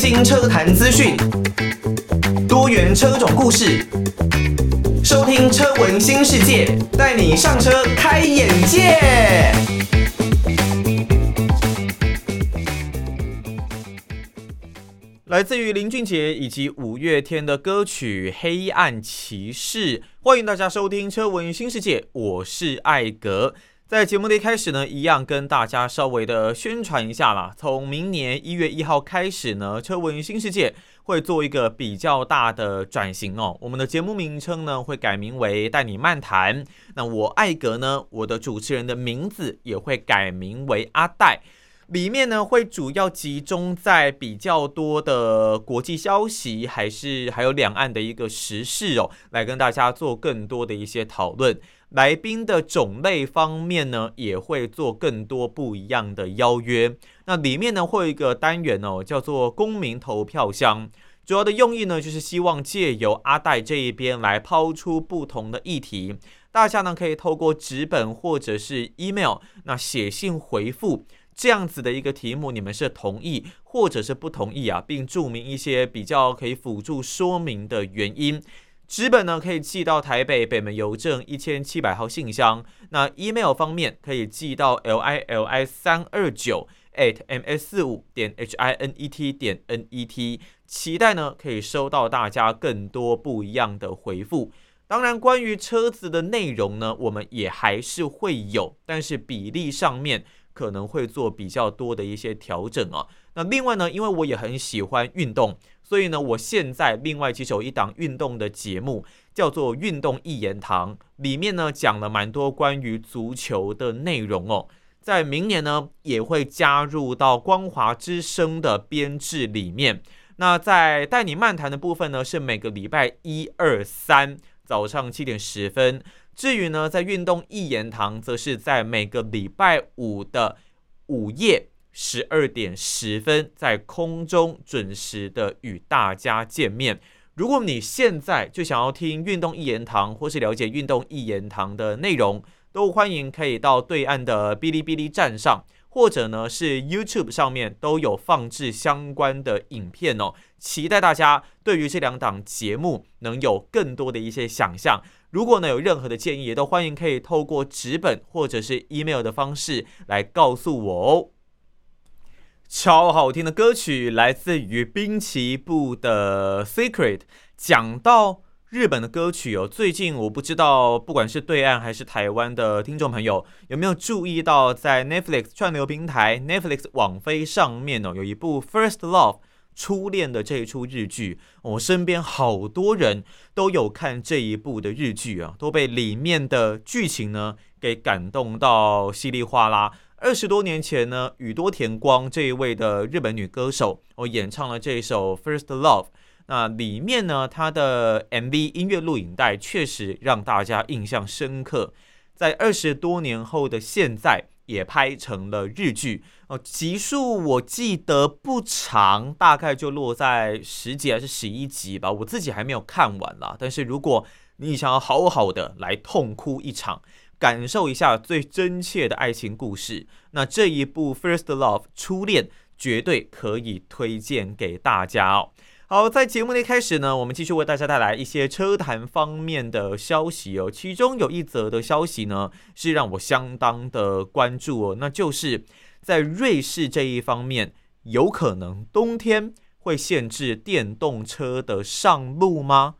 新車談資訊，多元車種故事，收聽車聞新世界，帶你上車開眼界。來自於林俊傑以及五月天的歌曲《黑暗騎士》，歡迎大家收聽車聞新世界，我是艾格。在節目的一開始呢，一樣跟大家稍微的宣傳一下啦。從明年一月一號開始呢，《車聞新世界》會做一個比較大的轉型哦。我們的節目名稱呢，會改名為《帶你漫談》。那我艾格呢，我的主持人的名字也會改名為阿戴。裡面呢會主要集中在比較多的國際消息，還是還有兩岸的一個時事哦，來跟大家做更多的一些討論。來賓的種類方面呢，也會做更多不一樣的邀約。那裡面呢會有一個單元哦，叫做公民投票箱，主要的用意呢就是希望借由阿黛這一邊來拋出不同的議題，大家呢可以透過紙本或者是 email 那寫信回復。這樣子的一個題目，你們是同意或者是不同意啊，並注明一些比較可以輔助說明的原因。紙本呢可以寄到台北北門郵政一千七百號信箱，那 email 方面可以寄到 lili 三二九艾特 ms 四五點 hinet 點 net。期待呢可以收到大家更多不一樣的回復。當然，關於車子的內容呢，我們也還是會有，但是比例上面。可能會做比較多的一些調整啊、哦。那另外呢，因為我也很喜歡運動，所以呢，我現在另外其實有一檔運動的節目，叫做《運動一言堂》，裡面呢講了蠻多關於足球的內容哦。在明年呢，也會加入到光華之聲的編制裡面。那在帶你漫談的部分呢，是每個禮拜一二三早上七點十分。至於呢，在運動一言堂，則是在每個禮拜五的午夜十二點十分，在空中準時的與大家見面。如果你現在就想要聽運動一言堂，或是了解運動一言堂的內容，都歡迎可以到對岸的嗶哩嗶哩站上。或者呢，是 YouTube 上面都有放置相關的影片哦，期待大家對於這兩檔節目能有更多的一些想象如果呢，有任何的建議，也都歡迎可以透過紙本或者是 Email 的方式來告訴我哦。超好聽的歌曲來自於濱崎步的 Secret，講到。日本的歌曲哦，最近我不知道，不管是對岸還是台灣的聽眾朋友，有沒有注意到在 Netflix 串流平台 Netflix 網飛上面哦，有一部《First Love》初戀的這一齣日劇、哦。我身邊好多人都有看這一部的日劇啊，都被裡面的劇情呢給感動到稀里嘩啦。二十多年前呢，宇多田光這一位的日本女歌手，我、哦、演唱了這一首《First Love》。那裡面呢，他的 MV 音樂錄影帶確實讓大家印象深刻。在二十多年後的現在，也拍成了日劇哦。集數我記得不長，大概就落在十集還是十一集吧。我自己還沒有看完啦。但是如果你想要好好的來痛哭一場，感受一下最真切的愛情故事，那這一部《First Love》初戀絕對可以推薦給大家哦。好，在節目的開始呢，我們繼續為大家帶來一些車壇方面的消息哦。其中有一則的消息呢，是讓我相當的關注哦，那就是在瑞士這一方面，有可能冬天會限制電動車的上路嗎？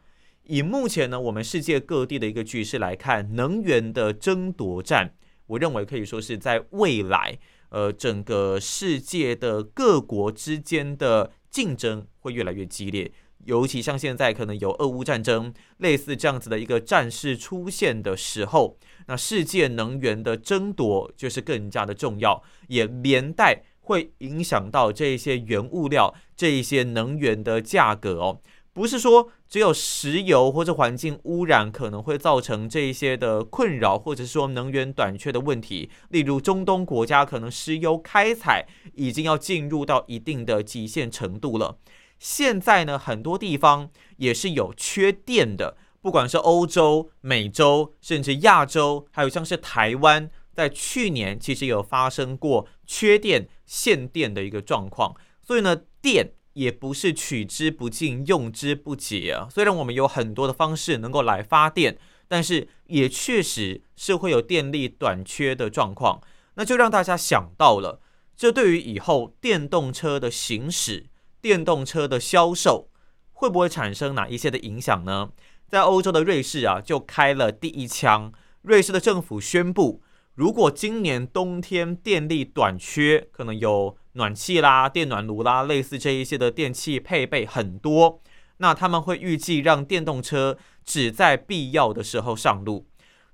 以目前呢，我們世界各地的一個局勢來看，能源的爭奪戰，我認為可以說是在未來，呃，整個世界的各國之間的。競爭會越來越激烈，尤其像現在可能有俄烏戰爭，類似這樣子的一個戰事出現的時候，那世界能源的爭奪就是更加的重要，也連帶會影響到這些原物料、這些能源的價格哦。不是說只有石油或者環境污染可能會造成這一些的困擾，或者說能源短缺的問題。例如中東國家可能石油開採已經要進入到一定的極限程度了。現在呢，很多地方也是有缺電的，不管是歐洲、美洲，甚至亞洲，還有像是台灣，在去年其實有發生過缺電、限電的一個狀況。所以呢，電，也不是取之不盡、用之不竭啊。雖然我們有很多的方式能夠來發電，但是也確實是會有電力短缺的狀況。那就讓大家想到了，這對於以後電動車的行駛、電動車的銷售，會不會產生哪一些的影響呢？在歐洲的瑞士啊，就開了第一槍。瑞士的政府宣布，如果今年冬天電力短缺，可能有。暖氣啦、電暖爐啦，類似這一些的電器配備很多。那他們會預計讓電動車只在必要的時候上路。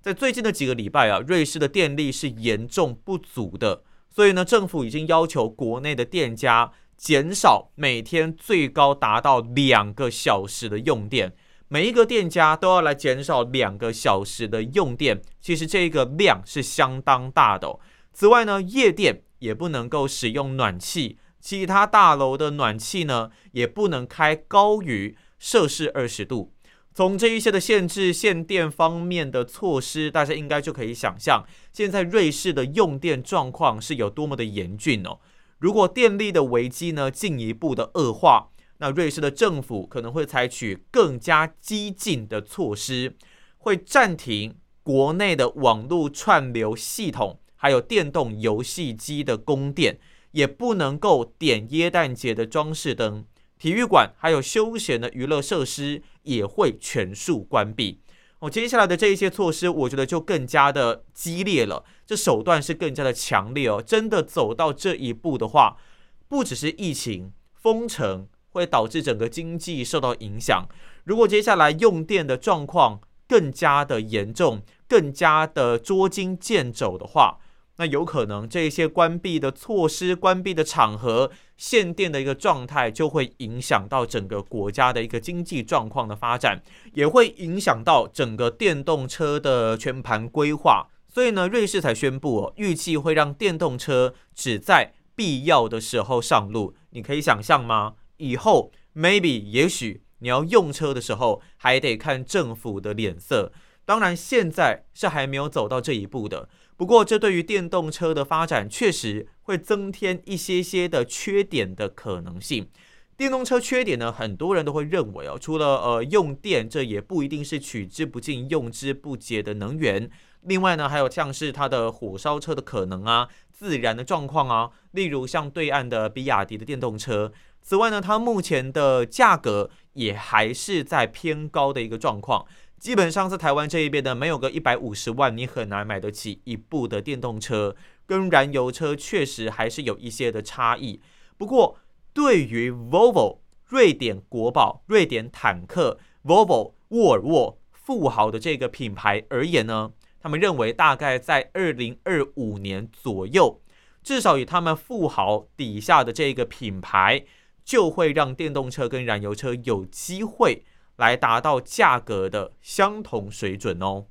在最近的幾個禮拜啊，瑞士的電力是嚴重不足的，所以呢，政府已經要求國內的店家減少每天最高達到兩個小時的用電。每一個店家都要來減少兩個小時的用電，其實這個量是相當大的哦。此外呢，夜店。也不能夠使用暖氣，其他大樓的暖氣呢也不能開高於攝氏二十度。從這一些的限制限電方面的措施，大家應該就可以想象，現在瑞士的用電狀況是有多麼的嚴峻哦。如果電力的危機呢進一步的惡化，那瑞士的政府可能會採取更加激進的措施，會暫停國內的網路串流系統。還有電動遊戲機的供電也不能夠點耶誕節的裝飾燈，體育館還有休閒的娛樂設施也會全數關閉。哦，接下來的這一些措施，我覺得就更加的激烈了，這手段是更加的強烈哦。真的走到這一步的話，不只是疫情封城會導致整個經濟受到影響，如果接下來用電的狀況更加的嚴重，更加的捉襟見肘的話，那有可能這些關閉的措施、關閉的場合、限電的一個狀態，就會影響到整個國家的一個經濟狀況的發展，也會影響到整個電動車的全盤規劃。所以呢，瑞士才宣布哦，預計會讓電動車只在必要的時候上路。你可以想象嗎？以後 maybe 也許你要用車的時候，還得看政府的臉色。當然，現在是還沒有走到這一步的。不過，這對於電動車的發展確實會增添一些些的缺點的可能性。電動車缺點呢，很多人都會認為哦，除了呃用電，這也不一定是取之不盡、用之不竭的能源。另外呢，還有像是它的火燒車的可能啊，自燃的狀況啊，例如像對岸的比亞迪的電動車。此外呢，它目前的價格也還是在偏高的一個狀況。基本上在台灣這一邊呢，沒有個一百五十萬，你很難買得起一部的電動車。跟燃油車確實還是有一些的差異。不過，對於 Volvo 瑞典國寶、瑞典坦克 Volvo 沃爾沃富豪的這個品牌而言呢，他們認為大概在二零二五年左右，至少以他們富豪底下的這個品牌，就會讓電動車跟燃油車有機會來達到價格的相同水準哦。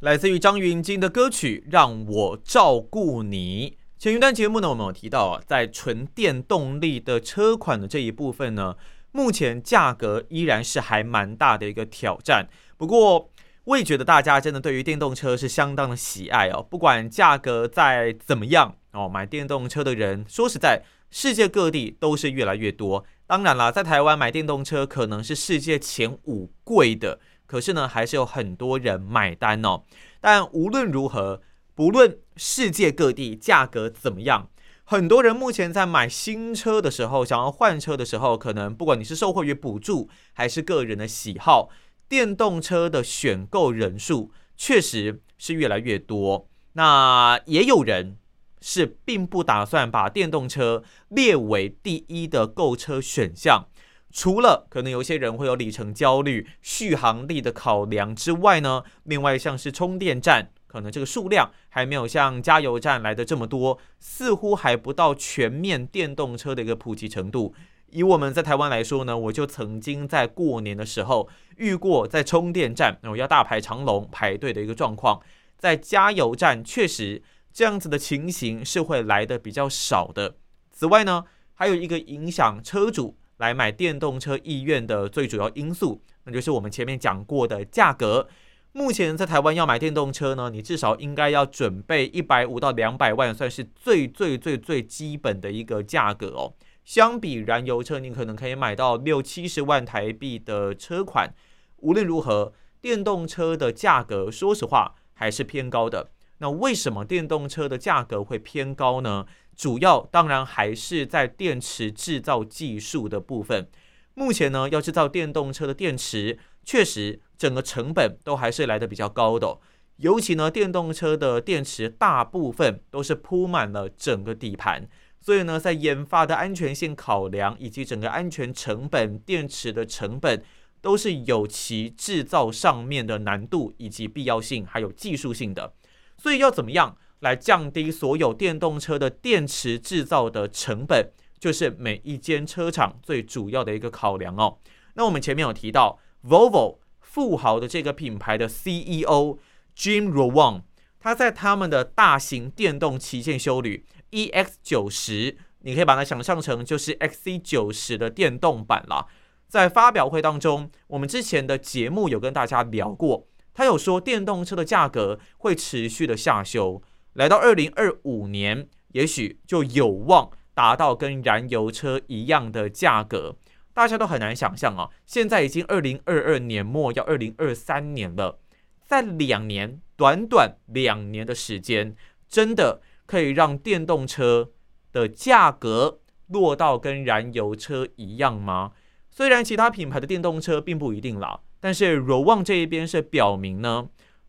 來自於張芸京的歌曲《讓我照顧你》。前一段節目呢，我們有提到啊，在純電動力的車款的這一部分呢，目前價格依然是還蠻大的一個挑戰。不過，我也覺得大家真的對於電動車是相當的喜愛哦。不管價格再怎麼樣哦，買電動車的人，說實在，世界各地都是越來越多。當然了，在台灣買電動車可能是世界前五貴的，可是呢，還是有很多人買單哦。但無論如何，不論世界各地價格怎麼樣，很多人目前在買新車的時候，想要換車的時候，可能不管你是受惠於補助，還是個人的喜好，電動車的選購人數確實是越來越多。那也有人。是並不打算把電動車列為第一的購車選項，除了可能有些人會有里程焦慮、續航力的考量之外呢，另外像是充電站，可能這個數量還沒有像加油站來的這麼多，似乎還不到全面電動車的一個普及程度。以我們在台灣來說呢，我就曾經在過年的時候遇過在充電站我要大排長龍排隊的一個狀況，在加油站確實。這樣子的情形是會來的比較少的。此外呢，還有一個影響車主來買電動車意願的最主要因素，那就是我們前面講過的價格。目前在台灣要買電動車呢，你至少應該要準備一百五到兩百萬，算是最最最最基本的一個價格哦。相比燃油車，你可能可以買到六七十萬台幣的車款。無論如何，電動車的價格，說實話還是偏高的。那為什麼電動車的價格會偏高呢？主要當然還是在電池製造技術的部分。目前呢，要製造電動車的電池，確實整個成本都還是來得比較高的哦。尤其呢，電動車的電池大部分都是鋪滿了整個底盤，所以呢，在研發的安全性考量，以及整個安全成本、電池的成本，都是有其製造上面的難度以及必要性，還有技術性的。所以要怎麼樣來降低所有電動車的電池制造的成本，就是每一間車廠最主要的一個考量。哦。那我們前面有提到，Volvo 富豪的這個品牌的 CEO Jim Rowan，他在他們的大型電動旗艦休旅 EX90，你可以把它想象成就是 XC90 的電動版啦。在發表會當中，我們之前的節目有跟大家聊過。他有說，電動車的價格會持續的下修，來到二零二五年，也許就有望達到跟燃油車一樣的價格。大家都很難想象啊，現在已經二零二二年末，要二零二三年了，在兩年短短兩年的時間，真的可以讓電動車的價格落到跟燃油車一樣嗎？雖然其他品牌的電動車並不一定啦。但是，柔望這一邊是表明呢，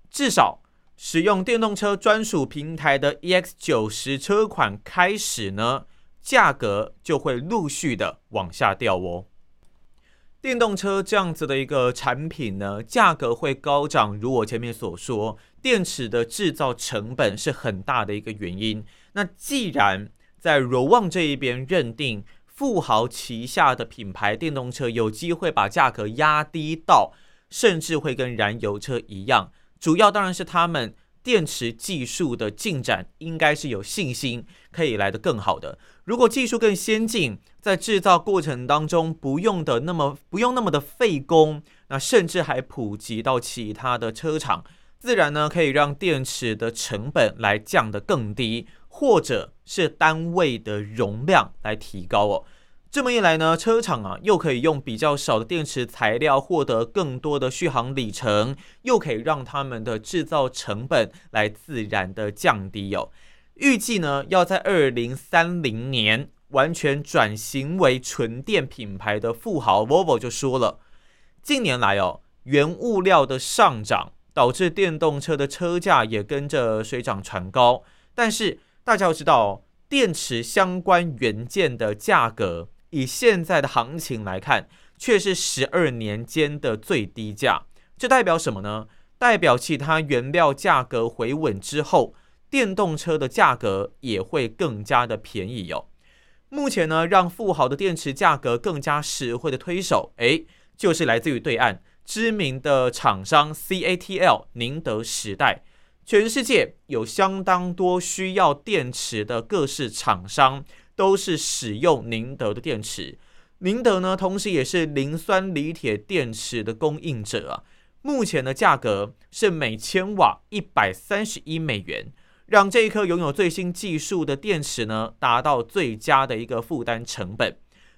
至少使用電動車專屬平台的 EX 90車款開始呢，價格就會陸續的往下掉哦。電動車這樣子的一個產品呢，價格會高漲，如我前面所說，電池的制造成本是很大的一個原因。那既然在柔望這一邊認定。富豪旗下的品牌電動車有機會把價格壓低到，甚至會跟燃油車一樣。主要當然是他們電池技術的進展，應該是有信心可以來得更好的。如果技術更先進，在製造過程當中不用的那麼不用那麼的費工，那甚至還普及到其他的車廠，自然呢可以讓電池的成本來降得更低。或者是單位的容量來提高哦，這麼一來呢，車廠啊又可以用比較少的電池材料獲得更多的續航里程，又可以讓他們的制造成本來自然的降低哦。預計呢要在二零三零年完全轉型為純電品牌的富豪 Volvo 就說了，近年來哦原物料的上漲導致電動車的車價也跟着水漲船高，但是。大家要知道，電池相關元件的價格，以現在的行情來看，卻是十二年間的最低價。這代表什麼呢？代表其他原料價格回穩之後，電動車的價格也會更加的便宜喲、哦。目前呢，讓富豪的電池價格更加實惠的推手，誒，就是來自於對岸知名的廠商 CATL 寧德時代。全世界有相當多需要電池的各式廠商，都是使用寧德的電池。寧德呢，同時也是磷酸鋰鐵電池的供應者啊，目前的價格是每千瓦一百三十一美元，讓這一顆擁有最新技術的電池呢，達到最佳的一個負擔成本。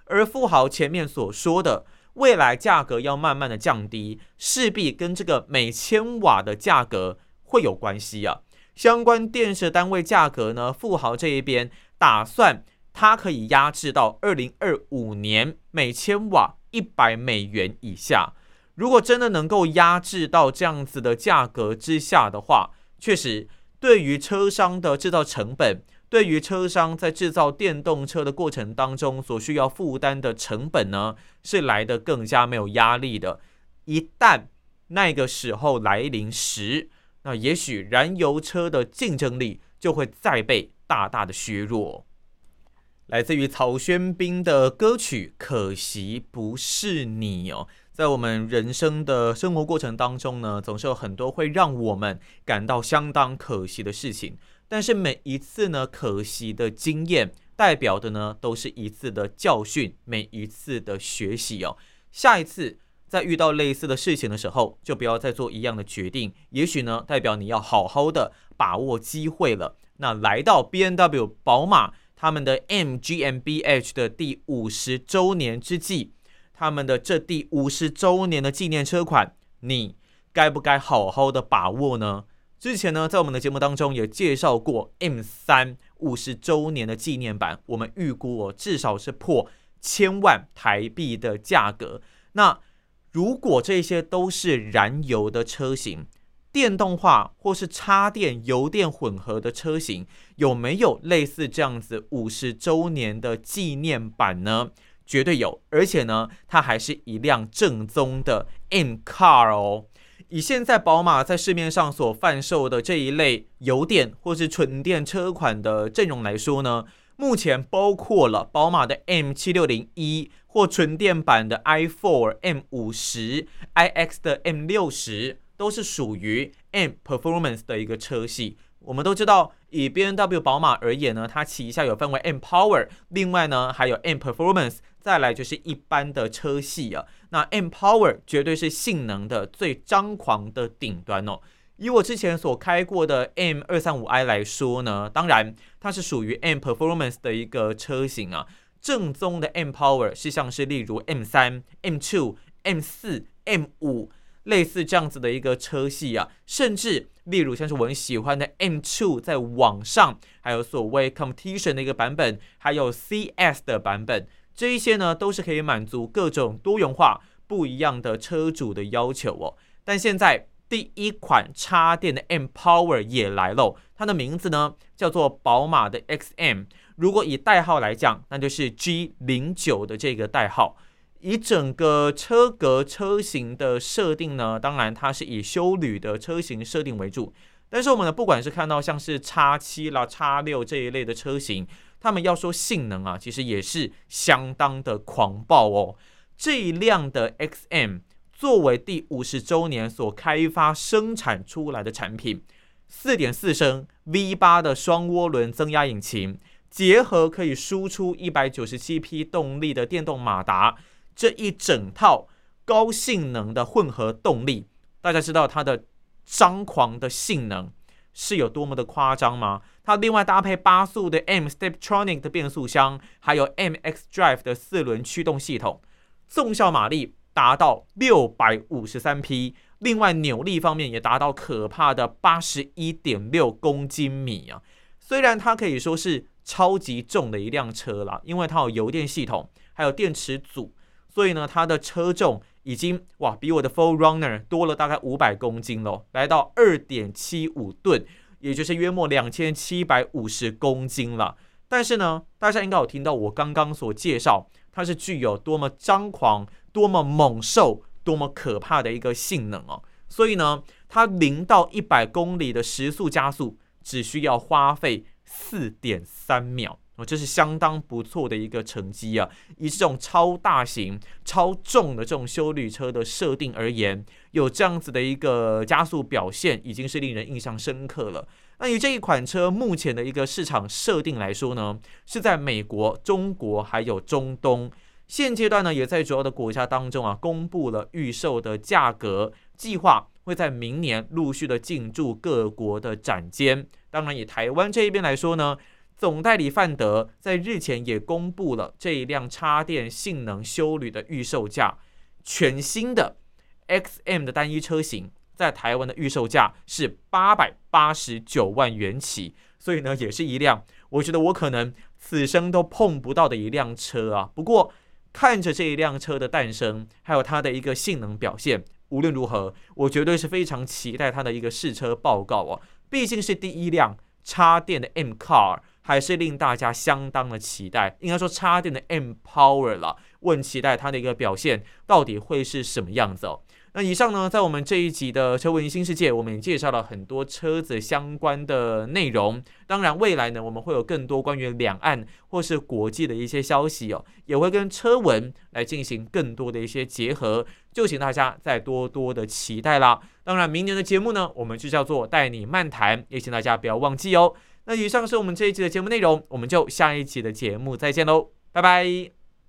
而富豪前面所說的未來價格要慢慢的降低，勢必跟這個每千瓦的價格。會有關係啊！相關電池單位價格呢，富豪這一邊打算，它，可以壓制到二零二五年每千瓦一百美元以下。如果真的能夠壓制到這樣子的價格之下的話，確實對於車商的製造成本，對於車商在製造電動車的過程當中所需要負擔的成本呢，是來得更加沒有壓力的。一旦那個時候來臨時，那也許燃油車的競爭力就會再被大大的削弱。來自於曹軒賓的歌曲《可惜不是你》哦，在我們人生的生活過程當中呢，總是有很多會讓我們感到相當可惜的事情。但是每一次呢，可惜的經驗代表的呢，都是一次的教訓，每一次的學習哦。下一次。在遇到類似的事情的時候，就不要再做一樣的決定。也許呢，代表你要好好的把握機會了。那來到 B M W 寶馬他們的 M GmbH 的第五十周年之際，他們的這第五十周年的紀念車款，你該不該好好的把握呢？之前呢，在我們的節目當中也介紹過 M3 五十周年的紀念版，我們預估哦，至少是破千萬台幣的價格。那如果這些都是燃油的車型，電動化或是插電油電混合的車型，有沒有類似這樣子五十周年的紀念版呢？絕對有，而且呢，它還是一輛正宗的 M Car 哦。以現在寶馬在市面上所販售的這一類油電或是純電車款的陣容來說呢。目前包括了寶馬的 M 七六零一或純電版的 i Four M 五十 i X 的 M 六十，都是屬於 M Performance 的一個車系。我們都知道，以 B M W 寶馬而言呢，它旗下有分為 M Power，另外呢還有 M Performance，再來就是一般的車系啊。那 M Power 絕對是性能的最張狂的頂端哦。以我之前所開過的 M 二三五 i 來說呢，當然它是屬於 M Performance 的一個車型啊，正宗的 M Power 是像是例如 M 三、M two、M 四、M 五，類似這樣子的一個車系啊，甚至例如像是我很喜歡的 M two，在網上還有所謂 Competition 的一個版本，還有 CS 的版本，這一些呢都是可以滿足各種多元化、不一樣的車主的要求哦。但現在。第一款插電的 M Power 也來嘍，它的名字呢叫做寶馬的 XM，如果以代號來講，那就是 G 零九的這個代號。以整個車格車型的設定呢，當然它是以休旅的車型設定為主。但是我們呢，不管是看到像是 X 七啦、X 六這一類的車型，他們要說性能啊，其實也是相當的狂暴哦。這一輛的 XM。作為第五十週年所開發生產出來的產品，四點四升 V 八的雙渦輪增壓引擎，結合可以輸出一百九十七匹動力的電動馬達，這一整套高性能的混合動力，大家知道它的張狂的性能是有多麼的誇張嗎？它另外搭配八速的 M Steptronic 的變速箱，還有 M X Drive 的四輪驅動系統，綜效馬力。達到六百五十三匹，另外扭力方面也達到可怕的八十一點六公斤米啊！雖然它可以說是超級重的一輛車了，因為它有油電系統，還有電池組，所以呢，它的車重已經哇，比我的 4Runner 多了大概五百公斤了，來到二點七五噸，也就是約莫兩千七百五十公斤了。但是呢，大家應該有聽到我剛剛所介紹，它是具有多麼張狂。多麼猛獸，多麼可怕的一個性能哦！所以呢，它零到一百公里的時速加速，只需要花費四點三秒哦，這是相當不錯的一個成績啊！以這種超大型、超重的這種休旅車的設定而言，有這樣子的一個加速表現，已經是令人印象深刻了。那以這一款車目前的一個市場設定來說呢，是在美國、中國還有中東。現階段呢，也在主要的國家當中啊，公布了預售的價格計劃，會在明年陸續的進駐各國的展間。當然，以台灣這一邊來說呢，總代理汎德在日前也公布了這一輛插電性能休旅的預售價，全新的 XM 的單一車型，在台灣的預售價是八百八十九萬元起，所以呢，也是一輛我覺得我可能此生都碰不到的一輛車啊。不過，看着這一輛車的誕生，還有它的一個性能表現，無論如何，我絕對是非常期待它的一個試車報告哦，畢竟是第一輛插電的 M Car，還是令大家相當的期待。應該說，插電的 M Power 了，問期待它的一個表現到底會是什麼樣子哦。那以上呢，在我們這一集的車文新世界，我們也介紹了很多車子相關的內容。當然，未來呢，我們會有更多關於兩岸或是國際的一些消息哦，也會跟車文來進行更多的一些結合，就請大家再多多的期待啦。當然，明年的節目呢，我們就叫做帶你漫談，也請大家不要忘記哦。那以上是我們這一集的節目內容，我們就下一集的節目再見嘍，拜拜。